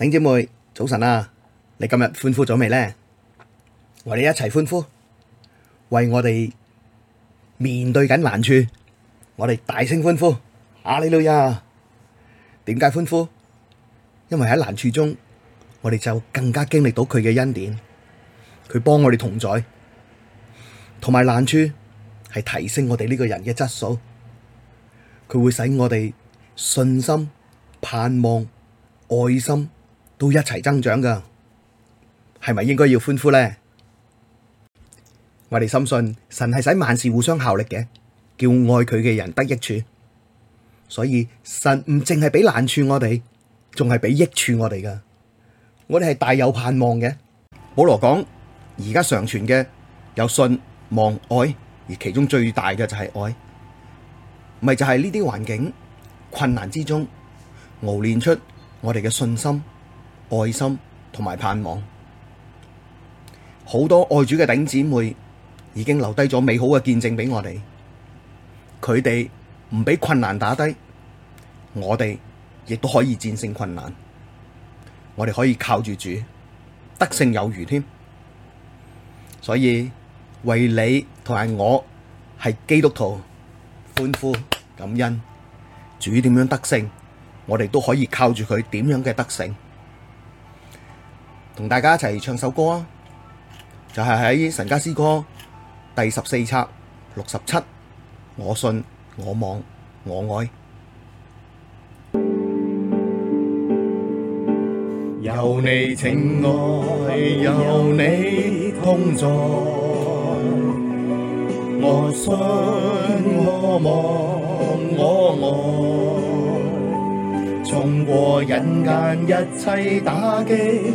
兄姐妹，早晨啊！你今日歡呼咗未呢？我哋一齊歡呼，為我哋面對緊難處，我哋大聲歡呼。阿里路亞，點解歡呼？因為喺難處中，我哋就更加經歷到佢嘅恩典，佢幫我哋同在，同埋難處係提升我哋呢個人嘅質素，佢會使我哋信心、盼望、愛心。都一齊增長噶，係咪應該要歡呼呢？我哋深信神係使萬事互相效力嘅，叫愛佢嘅人得益處。所以神唔淨係俾難處我哋，仲係俾益處我哋噶。我哋係大有盼望嘅。保羅講，而家常存嘅有信望愛，而其中最大嘅就係愛，咪就係呢啲環境困難之中，熬練出我哋嘅信心。愛心同埋盼望，好多愛主嘅頂姊妹已經留低咗美好嘅見證畀我哋。佢哋唔畀困難打低，我哋亦都可以戰勝困難。我哋可以靠住主得勝有餘添。所以為你同埋我係基督徒，歡呼感恩。主點樣得勝，我哋都可以靠住佢點樣嘅得勝。同大家一齊唱首歌啊！就係喺《神家詩歌》第十四冊六十七，我信我望我愛。有你情愛，有你同在，我信我望我愛，衝過人間一切打擊。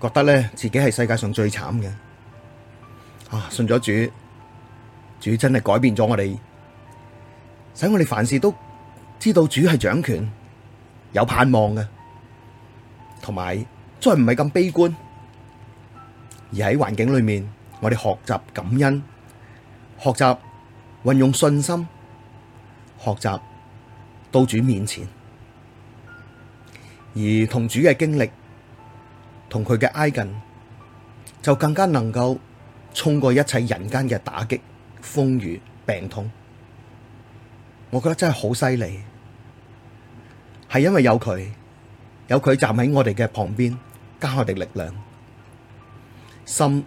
覺得咧自己係世界上最慘嘅，啊信咗主，主真係改變咗我哋，使我哋凡事都知道主係掌權，有盼望嘅，同埋再唔係咁悲觀，而喺環境裏面，我哋學習感恩，學習運用信心，學習到主面前，而同主嘅經歷。同佢嘅挨近，就更加能夠衝過一切人間嘅打擊、風雨、病痛。我覺得真係好犀利，係因為有佢，有佢站喺我哋嘅旁邊，加我哋力量。心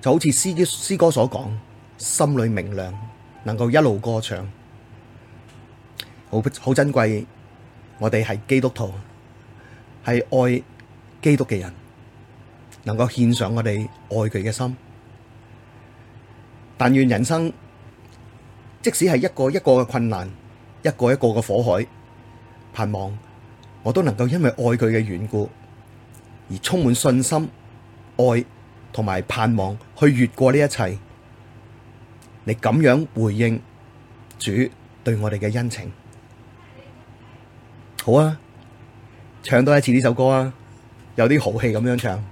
就好似詩詩歌所講，心裏明亮，能夠一路歌唱，好好珍貴。我哋係基督徒，係愛基督嘅人。能夠獻上我哋愛佢嘅心，但願人生即使係一個一個嘅困難，一個一個嘅火海，盼望我都能夠因為愛佢嘅緣故而充滿信心、愛同埋盼望去越過呢一切。你咁樣回應主對我哋嘅恩情，好啊！唱多一次呢首歌啊，有啲豪氣咁樣唱。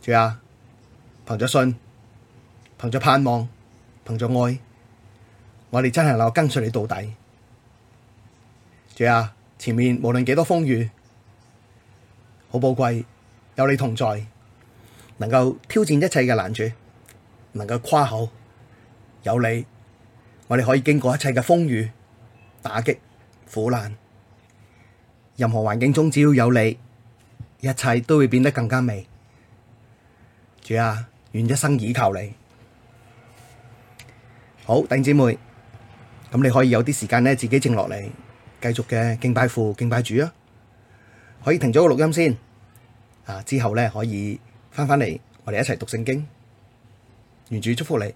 主啊，憑着信，憑着盼望，憑着愛，我哋真係能夠跟隨你到底。主啊，前面無論幾多風雨，好寶貴，有你同在，能夠挑戰一切嘅難處，能夠誇口，有你，我哋可以經過一切嘅風雨、打擊、苦難，任何環境中只要有你，一切都會變得更加美。主啊，願一生倚靠你。好，弟兄姊妹，咁你可以有啲時間呢，自己靜落嚟，繼續嘅敬拜父、敬拜主啊。可以停咗個錄音先，啊，之後呢可以返返嚟，我哋一齊讀聖經。願主祝福你。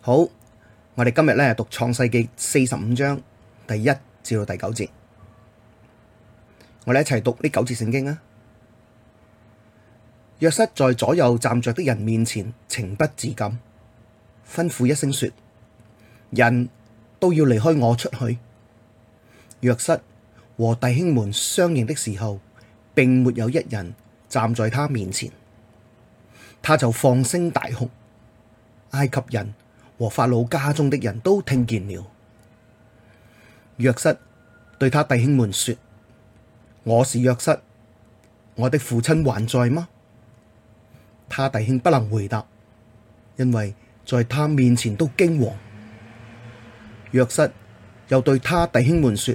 好，我哋今日呢讀創世記四十五章第一至到第九節，我哋一齊讀呢九節聖經啊。約瑟在左右站着的人面前，情不自禁吩咐一聲說：人都要離開我出去。約瑟和弟兄們相認的時候，並沒有一人站在他面前，他就放聲大哭。埃及人和法老家中的人都聽見了。約瑟對他弟兄們說：我是約瑟，我的父親還在嗎？他弟兄不能回答，因為在他面前都驚惶。約瑟又對他弟兄們說：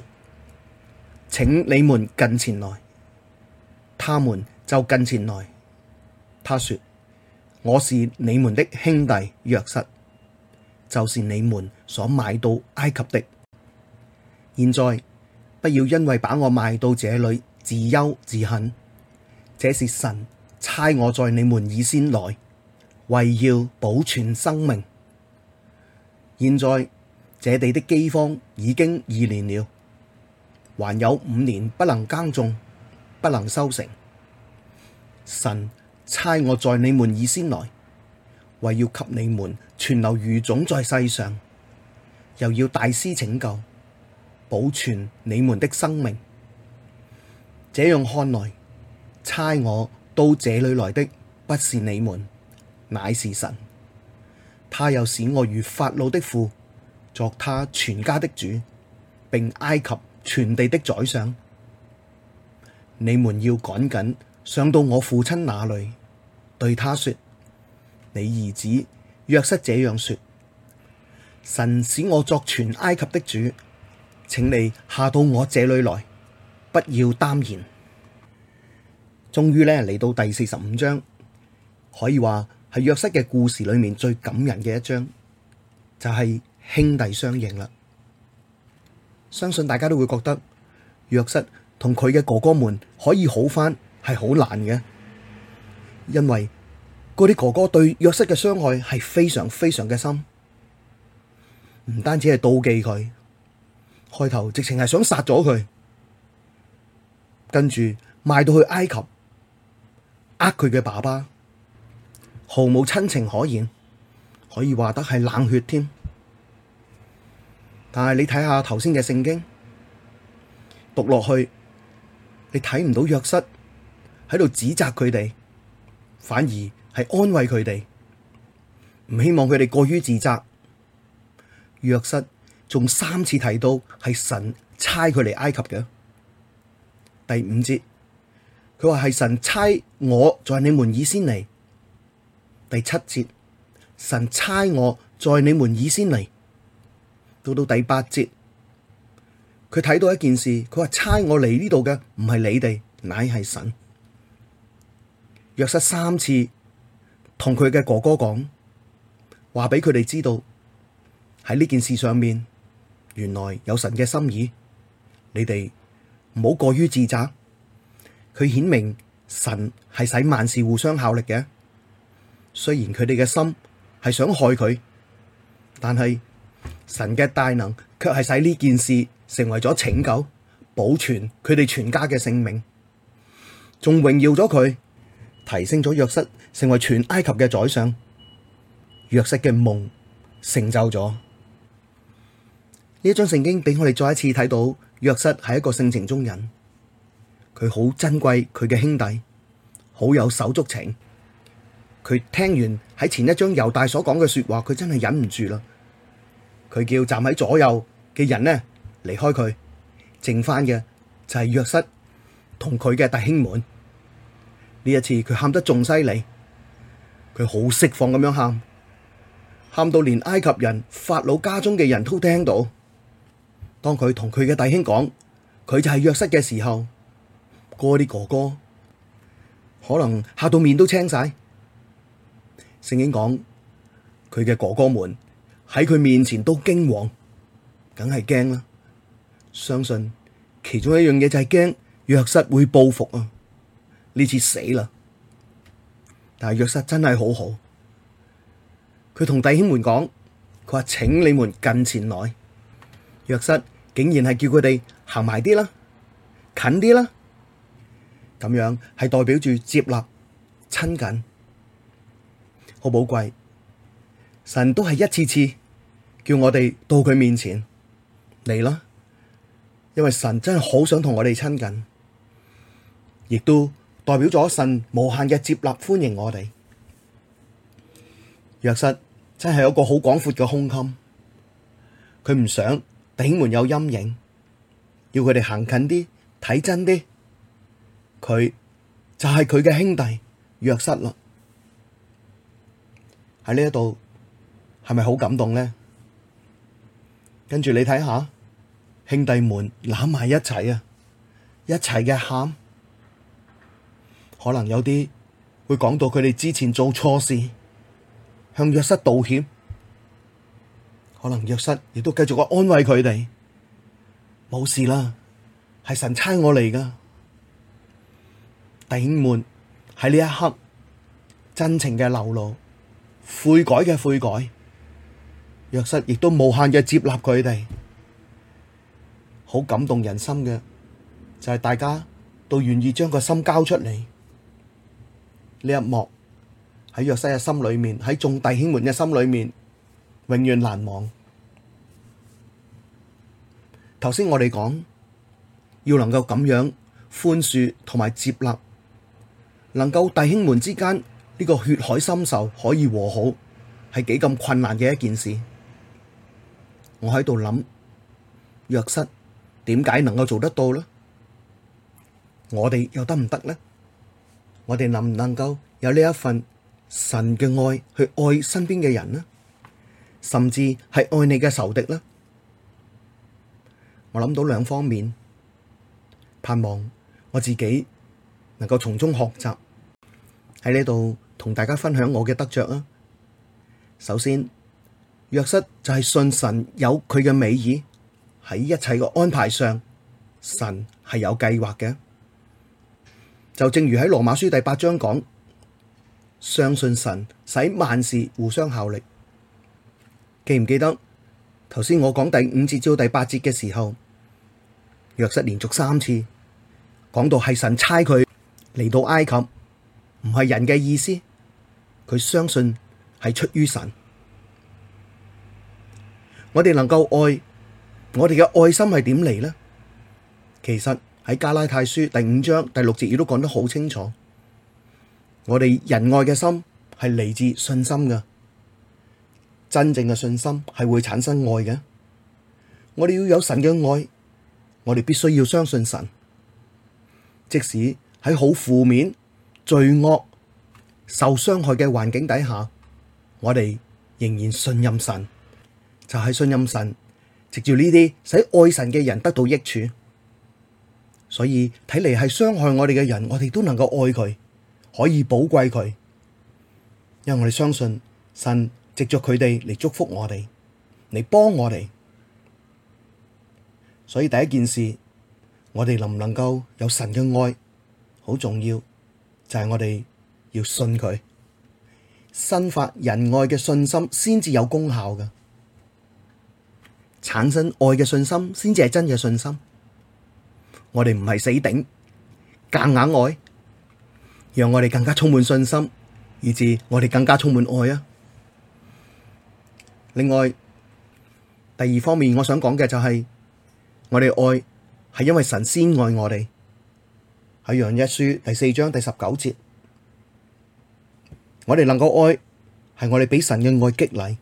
請你們近前來，他們就近前來。他說：我是你們的兄弟約瑟，就是你們所賣到埃及的。現在不要因為把我賣到這裏自憂自恨，這是神。差我在你們以先來，為要保全生命。現在這地的饑荒已經二年了，還有五年不能耕種，不能收成。神差我在你們以先來，為要給你們存留餘種在世上，又要大施拯救，保全你們的生命。這樣看來，差我到這裏來的不是你們，乃是神。他又使我如法老的父，作他全家的主，並埃及全地的宰相。你們要趕緊上到我父親那裏，對他說：你兒子約瑟這樣說，神使我作全埃及的主，請你下到我這裏來，不要耽延。終於呢嚟到第四十五章，可以話係約瑟嘅故事裏面最感人嘅一章，就係、是、兄弟相認啦。相信大家都會覺得約瑟同佢嘅哥哥們可以好翻係好難嘅，因為嗰啲哥哥對約瑟嘅傷害係非常非常嘅深，唔單止係妒忌佢，開頭直情係想殺咗佢，跟住賣到去埃及。呃，佢嘅爸爸，毫無親情可言，可以話得係冷血添。但係你睇下頭先嘅聖經，讀落去，你睇唔到約瑟喺度指責佢哋，反而係安慰佢哋，唔希望佢哋過於自責。約瑟仲三次提到係神差佢嚟埃及嘅，第五節。佢話係神差我在你們以先嚟，第七節，神差我在你們以先嚟。到到第八節，佢睇到一件事，佢話差我嚟呢度嘅唔係你哋，乃係神。約瑟三次同佢嘅哥哥講，話俾佢哋知道喺呢件事上面，原來有神嘅心意。你哋唔好過於自責。佢顯明神係使萬事互相效力嘅，雖然佢哋嘅心係想害佢，但係神嘅大能卻係使呢件事成為咗拯救、保存佢哋全家嘅性命，仲榮耀咗佢，提升咗約瑟成為全埃及嘅宰相。約瑟嘅夢成就咗。呢一章聖經，俾我哋再一次睇到約瑟係一個性情中人。佢好珍貴，佢嘅兄弟好有手足情。佢聽完喺前一章猶大所講嘅說話，佢真係忍唔住啦。佢叫站喺左右嘅人呢，離開佢，剩翻嘅就係約瑟同佢嘅弟兄們。呢一次佢喊得仲犀利，佢好釋放咁樣喊，喊到連埃及人、法老家中嘅人都聽到。當佢同佢嘅弟兄講佢就係約瑟嘅時候。嗰啲哥哥可能嚇到面都青晒，聖經講佢嘅哥哥們喺佢面前都驚惶，梗係驚啦。相信其中一樣嘢就係驚約瑟會報復啊！呢次死啦，但係約瑟真係好好，佢同弟兄們講，佢話請你們近前來，約瑟竟然係叫佢哋行埋啲啦，近啲啦。咁樣係代表住接納親近，好寶貴。神都係一次次叫我哋到佢面前嚟啦，因為神真係好想同我哋親近，亦都代表咗神無限嘅接納歡迎我哋。約瑟真係有個好廣闊嘅胸襟，佢唔想頂門有陰影，要佢哋行近啲睇真啲。佢就係佢嘅兄弟約瑟咯，喺呢一度係咪好感動呢？跟住你睇下，兄弟們攬埋一齊啊，一齊嘅喊，可能有啲會講到佢哋之前做錯事，向約瑟道歉，可能約瑟亦都繼續去安慰佢哋，冇事啦，係神差我嚟㗎。弟兄們喺呢一刻真情嘅流露、悔改嘅悔改，約瑟亦都無限嘅接納佢哋，好感動人心嘅就係大家都願意將個心交出嚟。呢一幕喺約瑟嘅心裏面，喺眾弟兄們嘅心裏面，永遠難忘。頭先我哋講要能夠咁樣寬恕同埋接納。能夠弟兄們之間呢個血海深仇可以和好，係幾咁困難嘅一件事。我喺度諗，約瑟點解能夠做得到呢？我哋又得唔得呢？我哋能唔能夠有呢一份神嘅愛去愛身邊嘅人呢？甚至係愛你嘅仇敵呢？我諗到兩方面，盼望我自己。能夠從中學習，喺呢度同大家分享我嘅得着啊！首先，約瑟就係信神有佢嘅美意，喺一切嘅安排上，神係有計劃嘅。就正如喺羅馬書第八章講，相信神使萬事互相效力。記唔記得頭先我講第五節到第八節嘅時候，約瑟連續三次講到係神差佢，嚟到埃及唔係人嘅意思，佢相信係出於神。我哋能夠愛，我哋嘅愛心係點嚟呢？其實喺加拉太書第五章第六節亦都講得好清楚，我哋仁愛嘅心係嚟自信心噶，真正嘅信心係會產生愛嘅。我哋要有神嘅愛，我哋必須要相信神，即使，喺好負面、罪惡、受傷害嘅環境底下，我哋仍然信任神，就係信任神，藉住呢啲使愛神嘅人得到益處。所以睇嚟係傷害我哋嘅人，我哋都能夠愛佢，可以寶貴佢，因為我哋相信神藉着佢哋嚟祝福我哋，嚟幫我哋。所以第一件事，我哋能唔能夠有神嘅愛？好重要就係我哋要信佢，生發仁愛嘅信心先至有功效嘅，產生愛嘅信心先至係真嘅信心。我哋唔係死頂，夾硬愛，讓我哋更加充滿信心，以至我哋更加充滿愛啊！另外，第二方面我想講嘅就係，我哋愛係因為神先愛我哋。喺《約一書》第四章第十九節，我哋能夠愛，係我哋俾神嘅愛激勵，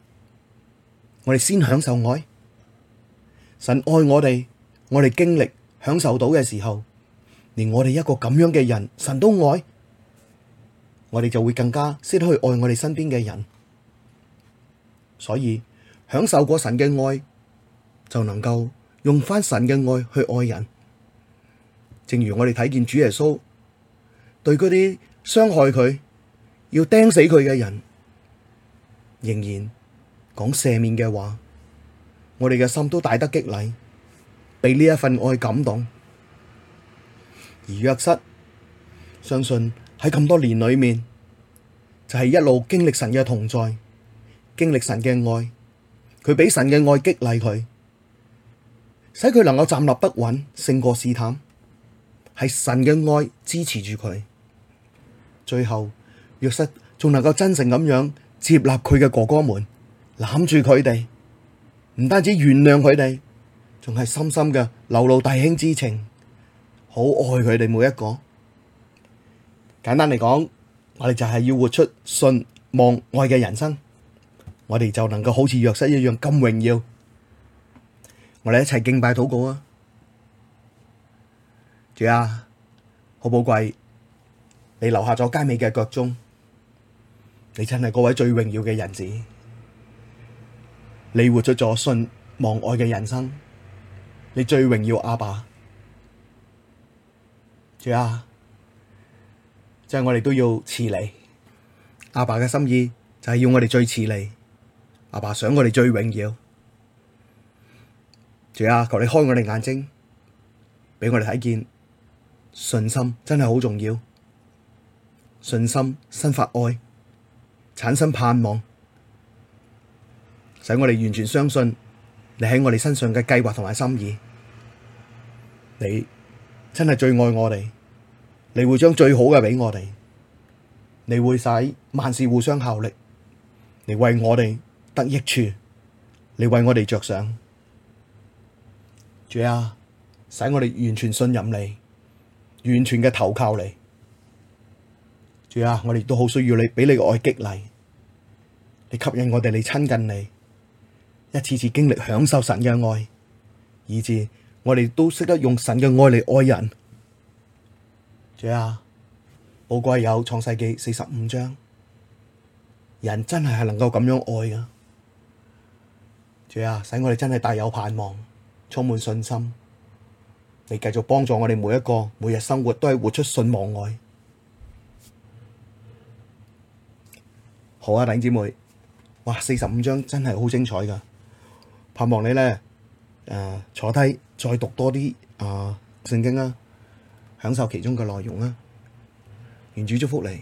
我哋先享受愛。神愛我哋，我哋經歷享受到嘅時候，連我哋一個咁樣嘅人，神都愛，我哋就會更加識得去愛我哋身邊嘅人。所以享受過神嘅愛，就能夠用翻神嘅愛去愛人。正如我哋睇見主耶穌對嗰啲傷害佢要釘死佢嘅人，仍然講赦免嘅話，我哋嘅心都大得激勵，俾呢一份愛感動。而約瑟相信喺咁多年裏面，就係、是、一路經歷神嘅同在，經歷神嘅愛，佢俾神嘅愛激勵佢，使佢能夠站立不穩，勝過試探。係神嘅愛支持住佢，最後約瑟仲能夠真誠咁樣接納佢嘅哥哥們，攬住佢哋，唔單止原諒佢哋，仲係深深嘅流露弟兄之情，好愛佢哋每一個。簡單嚟講，我哋就係要活出信望愛嘅人生，我哋就能夠好似約瑟一樣咁榮耀。我哋一齊敬拜禱告啊！主啊，好寶貴！你留下咗佳美嘅腳蹤，你真係嗰位最榮耀嘅人子。你活出咗信望愛嘅人生，你最榮耀阿爸。主啊，即係我哋都要似你。阿爸嘅心意就係要我哋最似你。阿爸想我哋最榮耀。主啊，求你開我哋眼睛，俾我哋睇見。信心真係好重要，信心生發愛，產生盼望，使我哋完全相信你喺我哋身上嘅計劃同埋心意，你真係最愛我哋，你會將最好嘅俾我哋，你會使萬事互相效力，你為我哋得益處，你為我哋着想，主啊，使我哋完全信任你。完全嘅投靠你，主啊！我哋都好需要你俾你嘅愛激勵，你吸引我哋嚟親近你，一次次經歷享受神嘅愛，以致我哋都識得用神嘅愛嚟愛人。主啊！好貴有創世記四十五章，人真係係能夠咁樣愛噶。主啊！使我哋真係大有盼望，充滿信心。你繼續幫助我哋每一個，每日生活都係活出信望愛。好啊，弟兄姊妹，哇，四十五章真係好精彩㗎！盼望你咧，誒、呃，坐低再讀多啲誒聖經啦、啊，享受其中嘅內容啦、啊。願主祝福你。